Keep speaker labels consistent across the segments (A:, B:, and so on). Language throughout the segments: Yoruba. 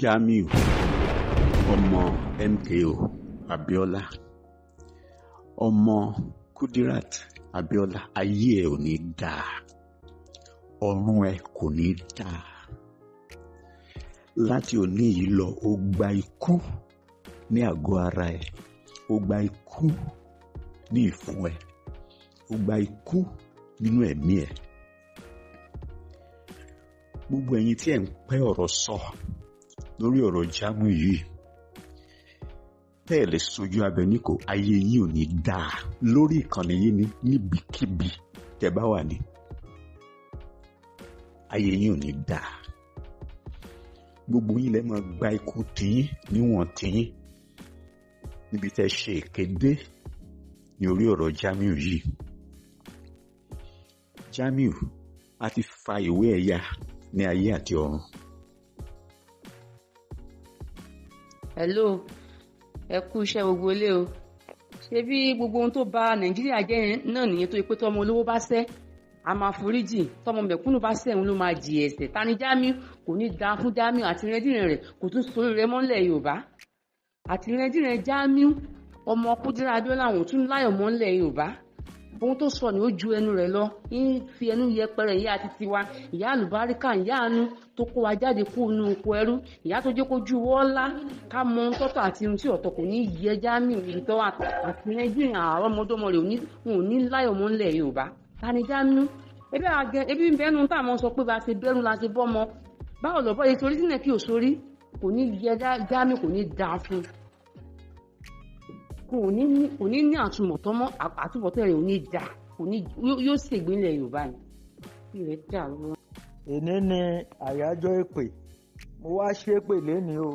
A: Jamiu ọmọ MKO Abiola ọmọ Kudirat Abiola ayé ẹ ò ní dáa ọ̀run ẹ kò ní dáa láti òní yìí lọ ó gba ikú ní àgọ́ ara ẹ ó gba ikú ní ìfun ẹ ó gba ikú nínú ẹ̀mí ẹ. E gbogbo ẹ̀yin tí ẹ̀ ń pẹ́ ọ̀rọ̀ sọ lórí ọ̀rọ̀ jámù yìí tẹ́ẹ̀lẹ̀ sojú abẹ ní kò ayé yìí ò ní dáa lórí ìkànnì yìí ní níbikíbi tẹ́ bá wà ní ayé yìí ò ní dáa gbogbo yín lẹ́ máa gba ikú tìyín níwọ̀n tìyín níbi tẹ́ ṣe ìkéde ní orí ọ̀rọ̀ Jamiu yìí Jamiu a ti fa ìwé ẹ̀yà ní ayé àti ọ̀run.
B: hello ẹ kú iṣẹ́ gbogbo ilé o ṣé bí gbogbo ohun tó bà nàìjíríà jẹ́ náà nìyẹn tó yẹ pé tọmọ olówó bá ṣẹ̀ a máa foríjì tọmọ mẹ̀kúnnù bá ṣẹ̀ ń ló máa jì ẹ̀ṣẹ̀ tani Jamiu kò ní da fún Jamiu àti rẹ́dìrín rẹ̀ kò tún sórí rẹ̀ mọ́lẹ̀ Yorùbá àti rẹ́dìrín Jamiu ọmọ Kúdírát Abíọ́lá tún láyọ̀ mọ́lẹ̀ Yorùbá ohun tó sọ ni ó ju ẹnu rẹ̀ lọ ń fi ẹnu yẹpẹrẹ ìyá àti tiwa ìyá àlùbáríkà ìyá àánú tó kó wa jáde kú inú oko ẹrú ìyá tó jẹ́ kó ju wọ́ ńlá ká mọ ohun tọ́tọ̀ àti ohun tí ọ̀tọ̀ kò ní yẹ jámì ìtọ́ àtìlẹ́jì àwọn ọmọdọ́mọ rẹ̀ ò ní láyọ̀ mọ́ ńlẹ̀ Yorùbá tani jámínú ebi àgẹ ebi bẹnu tá a mọ sọ pé bá a ṣe bẹnu la ṣe bọ́ ọmọ báwo lọ́bọ̀ yìí torí sínú ẹ̀ kí ò sórí kò ní yẹ jámì kò ní dáa fún kò ní kò ní ní àtúmọ̀tán mọ́ àtúbọ̀tán rẹ̀ ò ní dà kò ní yóò ṣègbè ilẹ̀ yorùbá ni kí rẹ̀ dà lọ́wọ́. èní ni
C: àyájọ́ èpè mo wá ṣépè lénìí o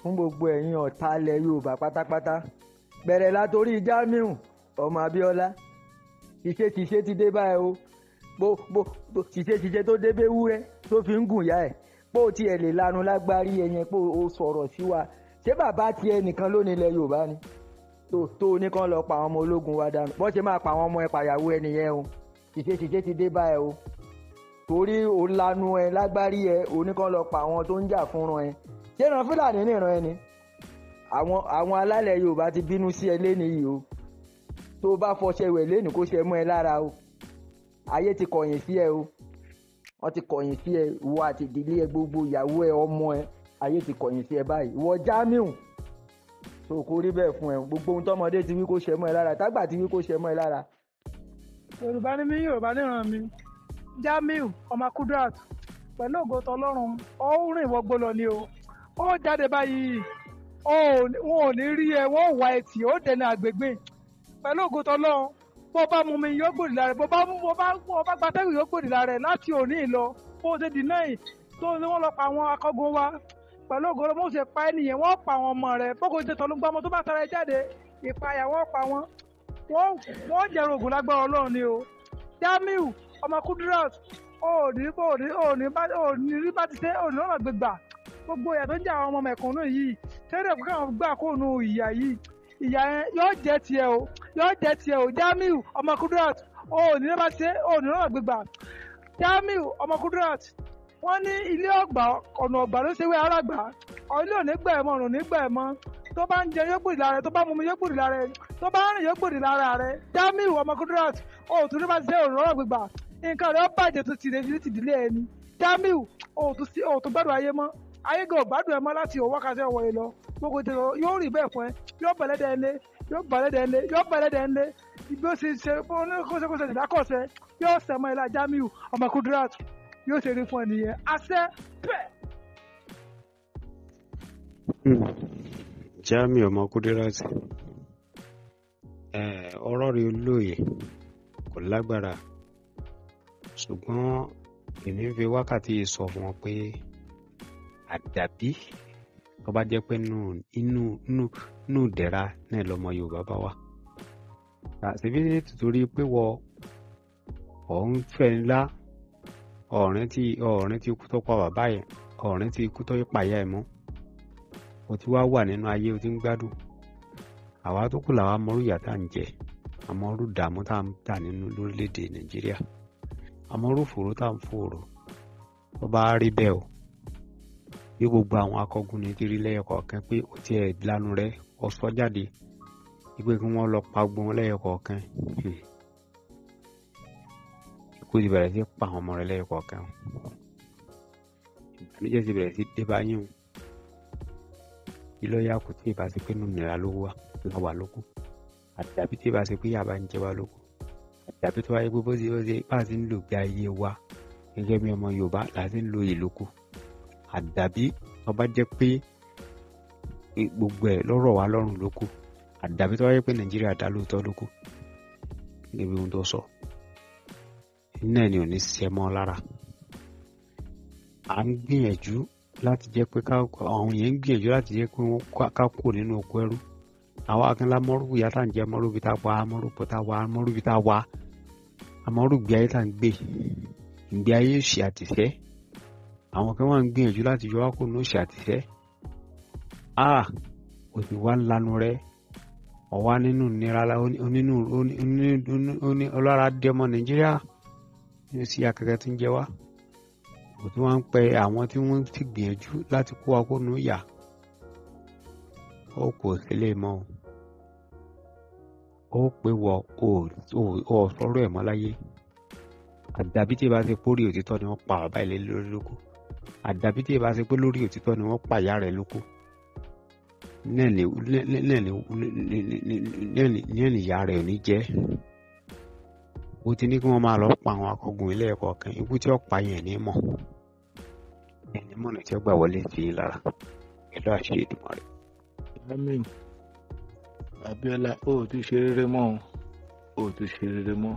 C: fún gbogbo ẹ̀yin ọ̀tá ilẹ̀ yorùbá pátápátá bẹ̀rẹ̀ látorí jamiu ọmọ abíọ́lá ṣìṣe ṣìṣe ti dé báyìí o bó bó bó ṣìṣe ṣìṣe tó dé bẹ́ẹ̀ wúrẹ́ tó fi ń gùn yá ẹ̀ pé o tiẹ̀ lè lanu lágbárí ẹ̀yẹn pé o sọ̀rọ̀ sí wa ṣé bàbá tiẹ̀ nìkan ló nílẹ̀ yorùbá ni tó tó ní kán lọ pa àwọn ọmọ ológun wa dànù bọ́n ṣe máa pa àwọn ọmọ ẹ pàyàwó ẹ nìyẹn o ìṣèṣìṣe ti dé bá ẹ o torí òun lanu ẹ lágbárí ẹ òun ní kán lọ pa àwọn tó ń jà fúnra ẹ ṣé ìran fúlàní ní ìran ẹ ni àwọn àwọn alálẹ̀ yorùbá ti bínú sí ẹ lẹ́nu yìí o tó o bá fọṣẹ wẹ̀ lẹ́nu kó ṣe mọ́ ẹ lára o ayé ti kọ̀yìn sí ẹ o wọ́n ti kọ̀yìn sí ẹ ìwọ àti ìdílé ẹ gbogbo ìyàwó ẹ ọmọ ẹ ayé ti kọ̀yìn sí ẹ báyìí ìwọ Jamiu so kò rí bẹ́ẹ̀ fún ẹ gbogbo ohun tọmọdé ti wí kó ṣe mọ́ ẹ lára tágbà ti wí kó ṣe mọ́ ẹ lára.
D: yorùbá ni mí yorùbá níran mi jamiu ọmọ kudrat pẹ̀lú ògo tọlọ́run ó rìn wọgbó lọ ni o ó jáde báyìí wọn ò ní rí ẹ wọn ò wá ẹtì ó dẹnu àgbègbè pẹ̀lú ògo tọlọ́run bó bá mú mi yóò gbòdì lára bó bá bó bá bó bá gbatẹ́wì yóò gbòdì lára láti òní ìlọ bó ṣe dì náà tó ní wọ́n lọ pa àwọn akọ́gun wa pẹ̀lú ògoro mọ́ọ̀sì pa ẹ́ nìyẹn wọ́n pa àwọn ọmọ rẹ̀ fókò ṣe tọ́lú gbọ́mọ tó bá tara ẹ jáde ìpayà wọ́n pa wọn wọ́n jẹ̀rọ ògùn lágbára ọlọ́run ni o Jamiu ọmọ Kudirat òní òní òní òní rí bá ti ṣe òní lọ́nà gbégbà gbogbo ìyà tó ń jẹ àwọn ọmọ mẹ̀kúnnù yìí tẹ́lẹ̀ pé káwọn gbà kóònù ìyà yìí ìyà yóò jẹ́ tiẹ̀ o Jamiu ọmọ Kudirat òní rí bá ti ṣe òní lọ́nà gbégbà Jamiu ọmọ Kudirat wọ́n ní ilé ọgbà ọ̀nà ọ̀gbà ló ṣe wé arágbà ọ̀lẹ́ òní gbà ẹ̀mọ́ ọ̀nà òní gbà ẹ̀mọ́ tó bá ń jẹ yóò gbòdì lára rẹ tó bá mú mi yóò gbòdì lára rẹ tó bá rìn yóò gbòdì lára rẹ Jamiu ọmọ Kudirat òòtú ní bá ṣe òrùlọ́rọ̀ gbígbà nǹkan rẹ ó bàjẹ́ tó ti rèé ti dìlé ẹni Jamiu òòtú gbàdúrà ayé mọ́ ayé gan ògbádùn ẹ mọ́ láti òwò wákàtí ọ̀wọ́ yìí lọ gbogbo ìtẹ̀ yóò rí bẹ́ẹ̀ fún ẹ yóò bẹ̀lẹ́ dẹ́ lé yóò bẹ̀lẹ́ dẹ́ lé yóò bẹ̀lẹ́ dẹ́ lé ibi ó ṣe ṣe oníkóṣekóṣe ìdákọ̀ṣe yóò sẹ̀mọ́ ilá Jamiu ọmọ Kudirat yóò ṣe rí fún ẹ nìyẹn àṣẹ bẹ́ẹ̀.
E: Hmm. Jami ọmọ Kudirati ọ̀rọ̀ rẹ̀ lóye kò lágbára ṣùgbọ́n èmi ń fi wákàtí sọ fún ọ pé àdàbí tó bá jẹ́ pé inú inú inú náà lọ́mọ Yorùbá bá wà àṣìbí torí pé wọ ọ̀ ń fẹ́ ńlá ọ̀rìn tí ọ̀rìn tí ikú tó pa bàbá yẹn ọ̀rìn tí ikú tó pàyà ẹ̀ mọ́ o ti wá wà nínú ayé o ti ń gbádùn àwa tó kù làwa mọrú ìyà tá à ń jẹ àmọrú dààmú tá à ń tà nínú lórílẹ̀‐èdè nàìjíríà àmọrú fòró tá à ń fòrò tó bá rí bẹ́ẹ̀ o bí gbogbo àwọn akọgun ní ti rí lẹ́yọ kọ̀ọ̀kan pé ó tiẹ̀ lanu rẹ ọ̀sọ́ jáde wípé kí wọ́n lọ pa gbọ́n lẹ́yọ kó sì bẹ̀rẹ̀ sí pa àwọn ọmọ rẹ̀ lẹ́yìn kọ̀ọ̀kan ìbànújẹ́ sì bẹ̀rẹ̀ sí dé bá yín o ilọ́yà kò tí ì bá ṣe pé nù nira ló wà láwà lóko àtàbí tí ì bá ṣe pé yàrá ń jẹ wá lóko àtàbí tó wáyé pé bó ṣe ṣe bá ṣe ń lò gbé ayé wa gẹ́gẹ́ bí ọmọ Yorùbá là ṣe ń lo ìlóko àdàbí tó jẹ́ pé gbogbo ẹ̀ lọ́rọ̀ wá lọ́rùn lóko àdàbí tó wáyé pé Nàìjíríà dá lóòótọ́ lóko gẹ́gẹ́ bí ohun tó sọ náà ni ò ní ṣe mọ́ lára à ń gbìyànjú láti jẹ́ pé àwọn yẹn ń gbìyànjú láti jẹ́ pé wọ́n ká kó nínú oko ẹrú àwọn akínlá mọ́rùbù yá tá à ń jẹ́ mọ́rùbù tá a wá mọ́rùbù tá a wá mọ́rùbù tá a wá amọ́rùgbé ayé tá à ń gbé ìgbé ayé òṣì àtìfẹ́ àwọn kan wà ń gbìyànjú láti yọ wákò ní òṣì àtìfẹ́ a ò sì wá ń lanu rẹ ọ̀wá nínú nira onínú ọlọ́ra dẹ́mọ Nàìjíríà sí akẹkẹ tí ń jẹ wá kò tí wọ́n ń pẹ àwọn tí wọ́n ti gbìyànjú láti kó akónú yà ó kò sí lè mọ ó pé wọ ò sọ̀rọ̀ ẹ̀ mọ́ láyé àdàbí tí ì bá ṣe pórí òtítọ́ ni wọ́n pa bàbá ilé lórí lóko àdàbí tí ì bá ṣe pé lórí òtítọ́ ni wọ́n pa ìyá rẹ̀ lóko náà ni ìyá rẹ̀ ò ní jẹ́ ó ti ní kí wọ́n máa lọ pa àwọn akọgun ilé ẹ̀kọ́ kan ikú tí ó pa yẹn ní mọ̀ ẹni mọ̀nà tí ó gbà wọlé sí i lára pẹ̀lú àṣẹ Èdùmàrè. amin
C: Abíọ́lá ó tún ṣe rere mọ́ ó tún ṣe rere mọ́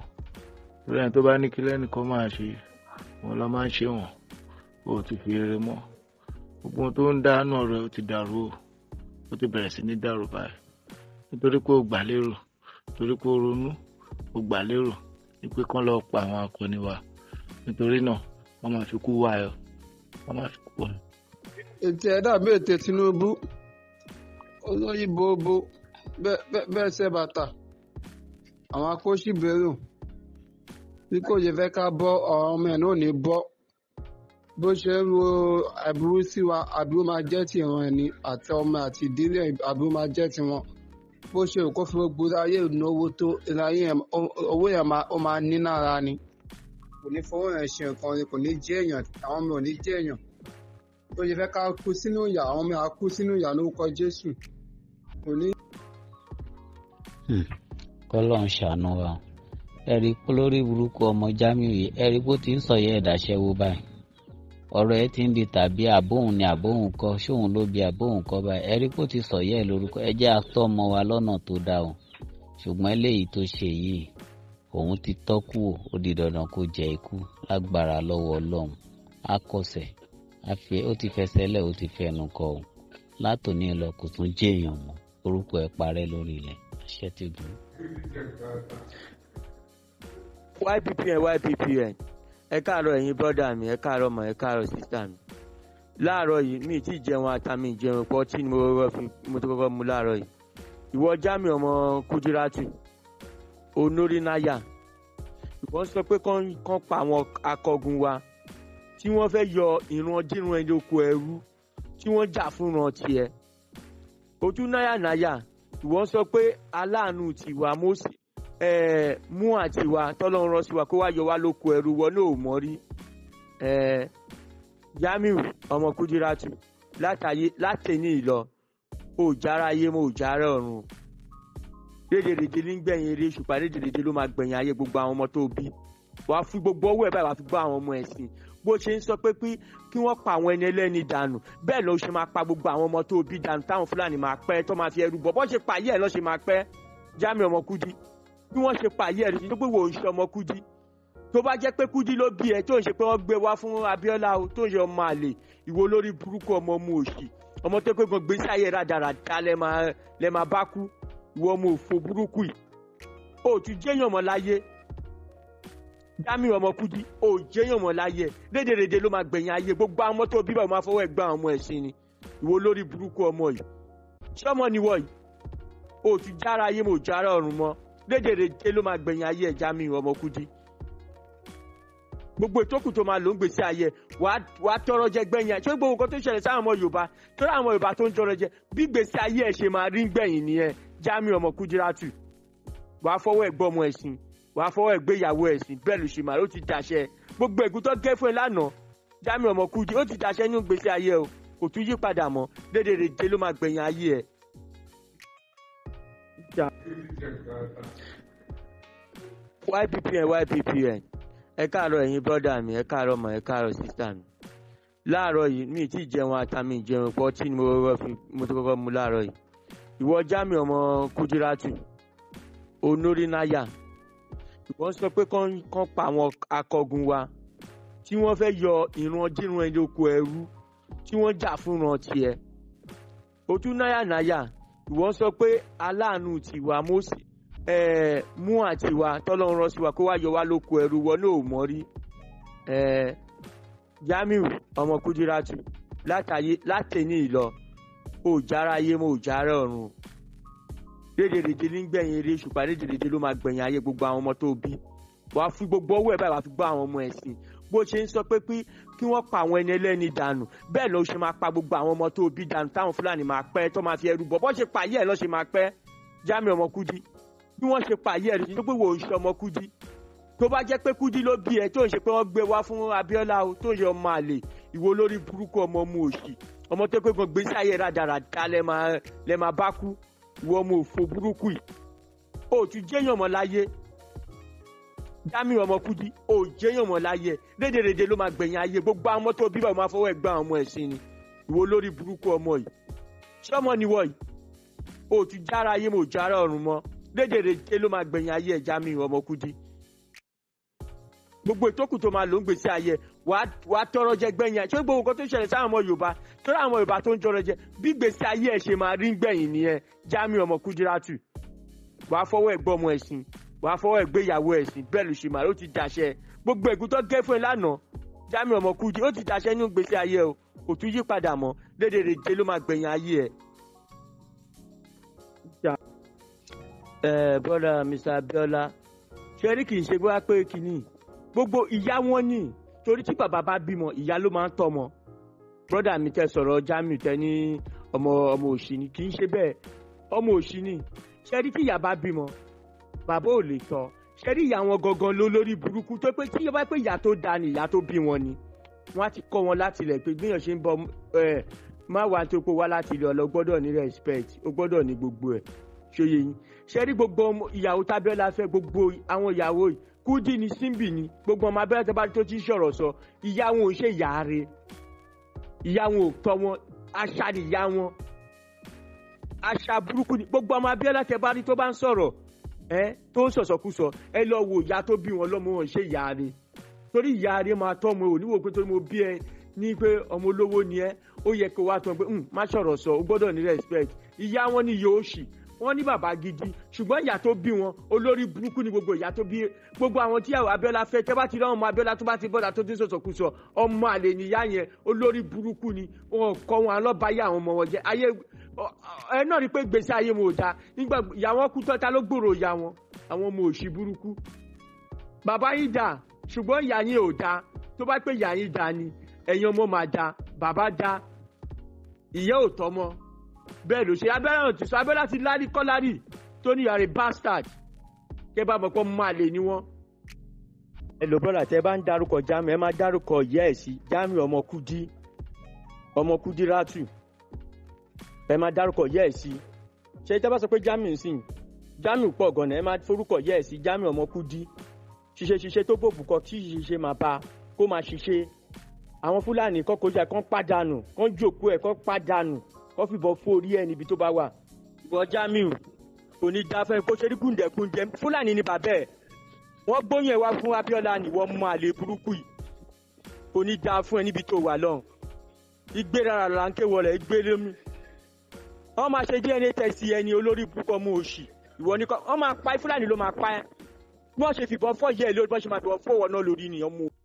C: lórí ẹni tó bá ní kí lẹ́nìkan máa ṣe wọn lọ máa ń ṣe wọn ó tún ṣe rere mọ́ gbogbo tó ń dáná rẹ ó ti dàrú ó ti bẹ̀rẹ̀ sí ní dàrú báyìí nítorí pé o gbà lérò torí pé o ronú o gbà lérò ni pé kán lọ́ọ́ pa àwọn akọni wa nítorí náà wọ́n máa fi kú wá ẹ̀
E: wọ́n máa fi kú wá.
D: ètò ẹ̀dá mi ètò Tinubu olóyè
E: bòbò bẹ́ẹ̀ ṣe bàtà àwọn akóṣìbẹ̀rù bí kò yẹ fẹ́ ká bọ́ ọ̀rọ̀ ọmọ ẹ̀ náà ní bọ́ bó ṣe ń wo àbúrú sí wa àbúrú máa jẹ́ tiwọn ẹni àti ọmọ àti ìdílé àbúrú máa jẹ́ tiwọn bó ṣe òkó fún gbogbo ayé ìnáwó tó owó yẹn ó máa ní nára ni kò ní fọwọ́ yẹn ṣe nǹkan ni kò ní jẹ́ èèyàn àwọn ọmọ ò ní jẹ́ èèyàn tó ṣe fẹ́ ká kú sínú ìyà àwọn ọmọ àá kú sínú ìyà lórúkọ Jésù kò ní. Hmm. kọ́lọ́ ń ṣàánú wa ẹ̀rí polórí burúkú ọmọ Jamiu yìí ẹ̀rí bó ti ń sọ yẹ́ ẹ̀dáṣẹ́wó báyìí ọ̀rọ̀ ẹ ti ń bi tàbí àbóhùn ni àbóhùn kọ́ ṣóun ló bi àbóhùn kọ́ báyìí ẹ̀rí kò ti sọ̀yẹ́ lórúkọ ẹ jẹ́ atọ́ ọmọ wa lọ́nà tó dáa o ṣùgbọ́n eléyìí tó ṣe yìí òun ti tọ́kù o ó di dandan kó jẹ ikú lágbára lọ́wọ́ ọlọ́run á kọsẹ̀ ó ti fẹsẹ̀ lẹ̀ ó ti fẹnu kọ o látòní lọ kò tún jẹ́ èèyàn mọ́ orúkọ ẹ parẹ́ lórí ilẹ̀ àṣẹ ti
B: dùn.
C: yppn yppn ẹ káàárọ̀ ẹ̀yin brọ́dà mi ẹ káàárọ̀ mọ̀ ẹ káàárọ̀ sísá mi láàárọ̀ yìí mi tí ì jẹun atami ìjẹun pọ̀ tí mo rọ fi mo tó kọ́kọ́ mu láàárọ̀ yìí ìwọ jami ọmọ kúdírátù onórí náyà ìwọ sọ pé kán pa àwọn akọgun wa tí wọ́n fẹ́ yọ ìran dírun ẹni oko ẹrú tí wọ́n jà fúnran tiẹ̀ ojú náyà náyà ìwọ sọ pé aláàánú tiwa Mósè mú àtiwá tọ́lọ́run rán sí wa kó wá yọ wá lóko ẹrú wọn náà ò mọ́ rí Jamiu ọmọ Kudiratu látẹ̀yìn ìlọ òjáráyé mọ́ òjárá ọ̀run rédèrèdè ní gbẹ̀yìn eré ṣùgbọ́n rédèrèdè ló máa gbẹ̀yìn ayé gbogbo àwọn ọmọ tó bí wàá fi gbogbo ọwọ́ ẹ̀ báyìí wàá fi gbọ́ àwọn ọmọ ẹ̀sìn bó ṣe ń sọ pé kí wọ́n pa àwọn ẹni ẹlẹ́ni dànù bẹ́ẹ̀ ló ṣe máa pa gbogbo àwọn ọmọ tó bí dànù táwọn Fúlàní máa pẹ́ tó máa fi ẹrú bọ̀ bọ́ ṣe pààyẹ́ ẹ̀ lọ́ ṣe máa pẹ́ Jamiu ọmọ Kudi bí wọ́n ṣe pààyè ẹ̀ lóṣù tó pé wò ń ṣọmọ Kúdí tó bá jẹ́ pé Kúdí ló bí ẹ tó ń ṣe pé wọ́n gbé wá fún Abíọ́lá o tó ń ṣe ọmọ àlè ìwo lórí burúkú ọmọ ọmọ òṣì ọmọ tó pé gan gbèsè ayé rádaràda lẹ máa bá kú ìwọ ọmọ òfò burúkú yìí o ò tún jẹ́yàn mọ́ láyé Jamiu ọmọ Kúdí o ò jẹ́yàn mọ́ láyé rédèrèdè ló máa gbẹ̀yìn ayé gbogbo àwọn mọ́tò bíbá ò máa fọwọ́ ẹ̀ gbá àwọn ọmọ ẹ̀ sí ni ìwo lórí burúkú ọmọ yìí ṣọmọ niwọ yìí o ò tún jára ayé mo jára ọ̀run mọ́ rédèrèdè ló máa gbẹ̀yìn ayé ẹja mi ọmọ Kudi gbogbo ìtókù tó máa ló ń gbèsè ayé wà á tọrọ jẹ gbẹ̀yìn ẹ ṣé gbogbo nǹkan tó ṣẹlẹ̀ sáwọn ọmọ Yorùbá torí àwọn Yorùbá tó ń tọrọ jẹ bí gbèsè ayé ẹ ṣe máa rí gbẹ̀yìn nìyẹn Jamiu ọmọ Kudiratu wà á fọwọ́ ẹ̀gbọ́n ọmọ ẹ̀sìn wà á fọwọ́ ẹ̀gbẹ́ ìyàwó ẹ̀sìn bẹ́ẹ̀ ló ṣe máa ó ti dàṣẹ gbogbo ègún gẹ́ fún ẹ lánàá Jamiu ọmọ Kudi ó ti dàṣẹ ní gbèsè ayé o kò tún yí padà mọ́ dédèrèdè ló máa gbẹ̀yìn ayé ẹ̀
D: yppn
C: yppn ẹ káàárọ̀ ẹ̀yin bọ́dà mi ẹ káàárọ̀ mọ̀ ẹ káàárọ̀ sísá mi láàárọ̀ yìí mi tí ì jẹun àtàmì ìjẹun pọ̀ tí mo rọ fi mo tó kọ́kọ́ mu láàárọ̀ yìí ìwọ jami ọmọ kúdírátù onórí náyà ìwọ sọ pé kán pa àwọn akọgun wa tí wọ́n fẹ́ yọ ìran dírun ẹni oko ẹrú tí wọ́n jà fúnran tiẹ̀ ojú náyà náyà ìwọ ń sọ pé aláàánú tiwa Mósè mú àtiwa tọ́lọ́run rán sí wa kó wá yọ wá lóko ẹrú wọn náà ò mọ̀ rí Jamiu ọmọ Kudiratu látẹ̀yìn ìlọ ò jára ayé mo ò jára ọ̀run rédèrèdè ní gbẹ̀yìn eré ṣùgbọ́n rédèrèdè ló máa gbẹ̀yìn ayé gbogbo àwọn ọmọ tó bí wàá fi gbogbo ọwọ́ ẹ̀ báyìí wàá fi gbọ́ àwọn ọmọ ẹ̀sìn bó ṣe ń sọ pé kí wọ́n pa àwọn ẹni ẹlẹ́ni dànù bẹ́ẹ̀ ló ṣe máa pa gbogbo àwọn ọmọ tó bí dànù táwọn fúlàní máa pẹ́ tó máa fi ẹrú bọ̀ bọ́ ṣe pa ayé ẹ̀ lọ́ọ́ ṣe máa pẹ́ Jamiu ọmọ Kudi bí wọ́n ṣe pa ayé ẹ̀ lọ́ọ́ ṣe pé wò ó ṣe ọmọ Kudi tó bá jẹ́ pé Kudi ló bí ẹ tó ń ṣe pé wọ́n gbé wá fún Abiola o tó ń ṣe ọmọ àlè ìwo lórí burúkú ọmọ ọmọ òṣì ọmọ tó pé kan gbèsè ayé rádaràda lẹ́ẹ̀ máa bá kú ìwọ ọmọ òfò burúkú yìí ó tún jẹ́yàn láyé Jamiu ọmọ Kúdí ò jẹyàn mọ láyé rédèrèdè ló máa gbẹ̀yìn ayé gbogbo àwọn mọ́tò bíbá ọmọ afọwọ́ ẹ̀gbọ́n ọmọ ẹ̀ sí ni ìwọ lórí burúkú ọmọ yìí ṣọmọ niwọ yìí o ti jára ayé mo jára ọ̀run mọ́ rédèrèdè ló máa gbẹ̀yìn ayé ẹ̀ Jamiu ọmọ Kúdí gbogbo ìtókù tó máa ló ń gbèsè ayé wàá tọrọ jẹ gbẹ̀yìn àti gbogbo nǹkan tó ṣẹlẹ̀ sáwọn ọmọ Yorùbá tọrọ àwọn Yorùbá tó ń tọrọ wàá fọwọ́ ìgbéyàwó ẹ̀sìn bẹ́ẹ̀ ló ṣe màá ó ti dàṣẹ gbogbo ègún tó gẹ́ fún ẹ lánàá Jamiu Ọmọkùnrin ó ti dàṣẹ ní gbèsè ayé o kò tún yí padà mọ́ dédèrè jẹ ló máa gbẹ̀yìn ayé ẹ. ẹ bọ́dà Mr. Abiola ṣe rí kì í ṣe bí wàá pé kínní gbogbo ìyá wọn ni torí tí bàbá bá bímọ ìyá ló máa ń tọmọ bọ́dà mi tẹ sọ̀rọ̀ Jamiu tẹ ní ọmọ ọmọ òṣì ni kì í ṣe bẹ́ẹ̀ ọmọ òṣì ni ṣe rí kí ìyá bá bímọ bàbá ò lè tán ṣe rí ìyá wọn gangan ló lórí burúkú tó pé tí yọba pé ìyá tó da ni ìyá tó bí wọn ni wọn á ti kọ́ wọn láti ilẹ̀ pé gbìyànjú ṣe ń bọ ẹ má wàá tó pé wá láti ilẹ̀ ọ̀lọ́ gbọ́dọ̀ ní respect ó gbọ́dọ̀ ní gbogbo ẹ̀ ṣòye yín ṣe rí gbogbo ìyàwó tábẹ́lá fẹ́ gbogbo àwọn ìyàwó yìí kúdí ni símbì ni gbogbo ọmọ abẹ́rẹ́ tábà tó ti ń sọ̀rọ̀ sọ ìyá wọn ò ṣe ìyá re ìyá wọn ò tọ́ wọn aṣa ni ìyá wọn aṣa burúkú ni gbogbo ọmọ abẹ́rẹ́ tábà tó bá ń sọ̀rọ̀ ẹ tó ń sọ̀sọ̀kúsọ ẹ lọ wo ìyá tó bí wọn lọ́mọ wọn ṣe ìyá rẹ torí ìyá rẹ máa tọ́ ọmọ òníwò pé torí mo bí ẹ ní pé ọmọ olówó ni ẹ ó yẹ kó wá tán pé hmm, má ṣọ̀rọ̀ sọ ó gbọ́dọ̀ ní respect ìyá wọn ni yóò ṣì wọ́n ní bàbá gidi ṣùgbọ́n ìyá tó bí wọn olórí burúkú ni gbogbo ìyá tó bí gbogbo àwọn tíyàwó Abíọ́lá fẹ́ tẹ́ bá ti rán ọmọ Abíọ́lá tó bá ti bọ́dà tó ti sọ̀sọ̀kùsọ̀ ọmọ àlè níyá yẹn olórí burúkú ni wọn kọ́ wọn alọ́bàáyé àwọn ọmọ wọn jẹ ayé ẹ náà rí pé gbèsè ayé wọn ò dáa nígbà ìyá wọn kú tọ́ta ló gbòòrò ìyá wọn àwọn ọmọ òṣì burúkú bàbá yín dà ṣùgbọ́n ìyá yín ò dáa tó bá pé ìyá yín dà ni ẹ̀yin ọmọ máa dáa bàbá dáa ìyá ò tọ́mọ bẹ́ẹ̀ ló ṣe Abiola ti sọ Abiola ti lárí kọ́lárì tó ní yàrá bastard kẹ́ bá mọ̀ pé mo máa lè ní wọ́n. ẹ lò brọ́dà tẹ bá ń darúkọ Jamiu ẹ máa darúkọ ìyá ẹ̀ sí Jamiu ọmọ Kudi ọmọ Kudi Ratu ẹ máa darúkọ ìyá ẹ̀ sí ṣe tẹ bá sọ pé Jamiu sìn Jamiu pọ̀ gan-an ẹ máa forúkọ ìyá ẹ̀ sí Jamiu ọmọ Kudi ṣiṣẹ́ ṣiṣẹ́ tó bò bùkọ́ kí ṣiṣẹ́ máa bá kó máa ṣiṣẹ́ àwọn Fúlàní kọ́kọ́jà kan pàdánù kan jòkó ẹ̀ kan pàdánù wọ́n fìbọn fún orí ẹ̀ níbi tó bá wà. ìwọ Jamiu kò ní dáa fẹ́ kó ṣe rí kùndẹ̀kùndẹ̀ fúlàní ni bàbá ẹ̀ wọ́n gbóyún ẹ̀ wá fún Abíọ́lá níwọ̀ mọ àlè burúkú yìí kò ní dáa fún ẹ níbi tó wà lọ́hùn igbe rárá là ń kéwọ rẹ̀ igbe lómi wọ́n máa ṣe DNA test ẹni olórí púpọ̀ mú òṣì ìwọ ní kọ́ wọ́n máa pa fúlàní ló máa pa ẹ́ bí wọ́n ṣe fìbọn fọ́ yẹ́ ẹ lórí bí wọ́n ṣe máa fìbọn fọ́ wọ náà lórí nìyẹn mú o.